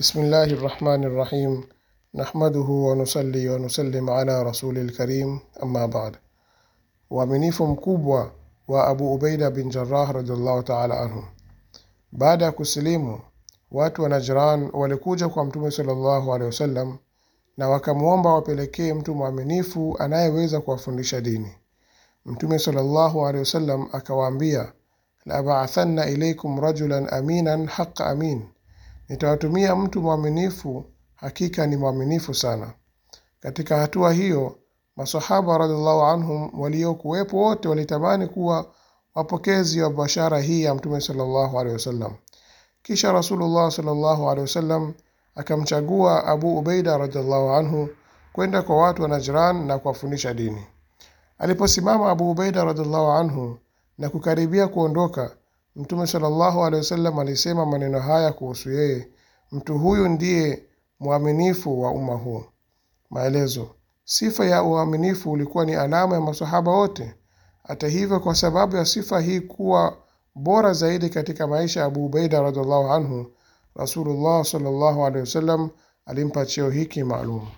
بسم الله الرحمن الرحيم نحمده ونصلي ونسلم ala rasulil karim amma ba'd uaminifu mkubwa wa abu ubaida bin jarah radiallahu taala anhu baada ya kusilimu watu wa najran walikuja kwa mtume salllahu alehi wasallam na wakamwomba wapelekee mtu mwaminifu anayeweza kuwafundisha dini mtume salllahu alehi wasallam akawaambia labaathanna ilaikum rajulan aminan haqa amin Nitawatumia mtu mwaminifu, hakika ni mwaminifu sana. Katika hatua hiyo masahaba radhiallahu anhum waliokuwepo wote walitamani kuwa wapokezi wa bashara hii ya Mtume sallallahu alaihi wasallam. Kisha Rasulullah sallallahu alaihi wasallam akamchagua Abu Ubaida radhiallahu anhu kwenda kwa watu wa Najran na kuwafundisha dini. Aliposimama Abu Ubaida radhiallahu anhu na kukaribia kuondoka, Mtume sallallahu alaihi wasallam alisema maneno haya kuhusu yeye, mtu huyu ndiye mwaminifu wa umma huu. Maelezo: sifa ya uaminifu ulikuwa ni alama ya masahaba wote. Hata hivyo, kwa sababu ya sifa hii kuwa bora zaidi katika maisha ya Abu Ubaida radhiallahu anhu, Rasulullah sallallahu alaihi wasallam alimpa cheo hiki maalum.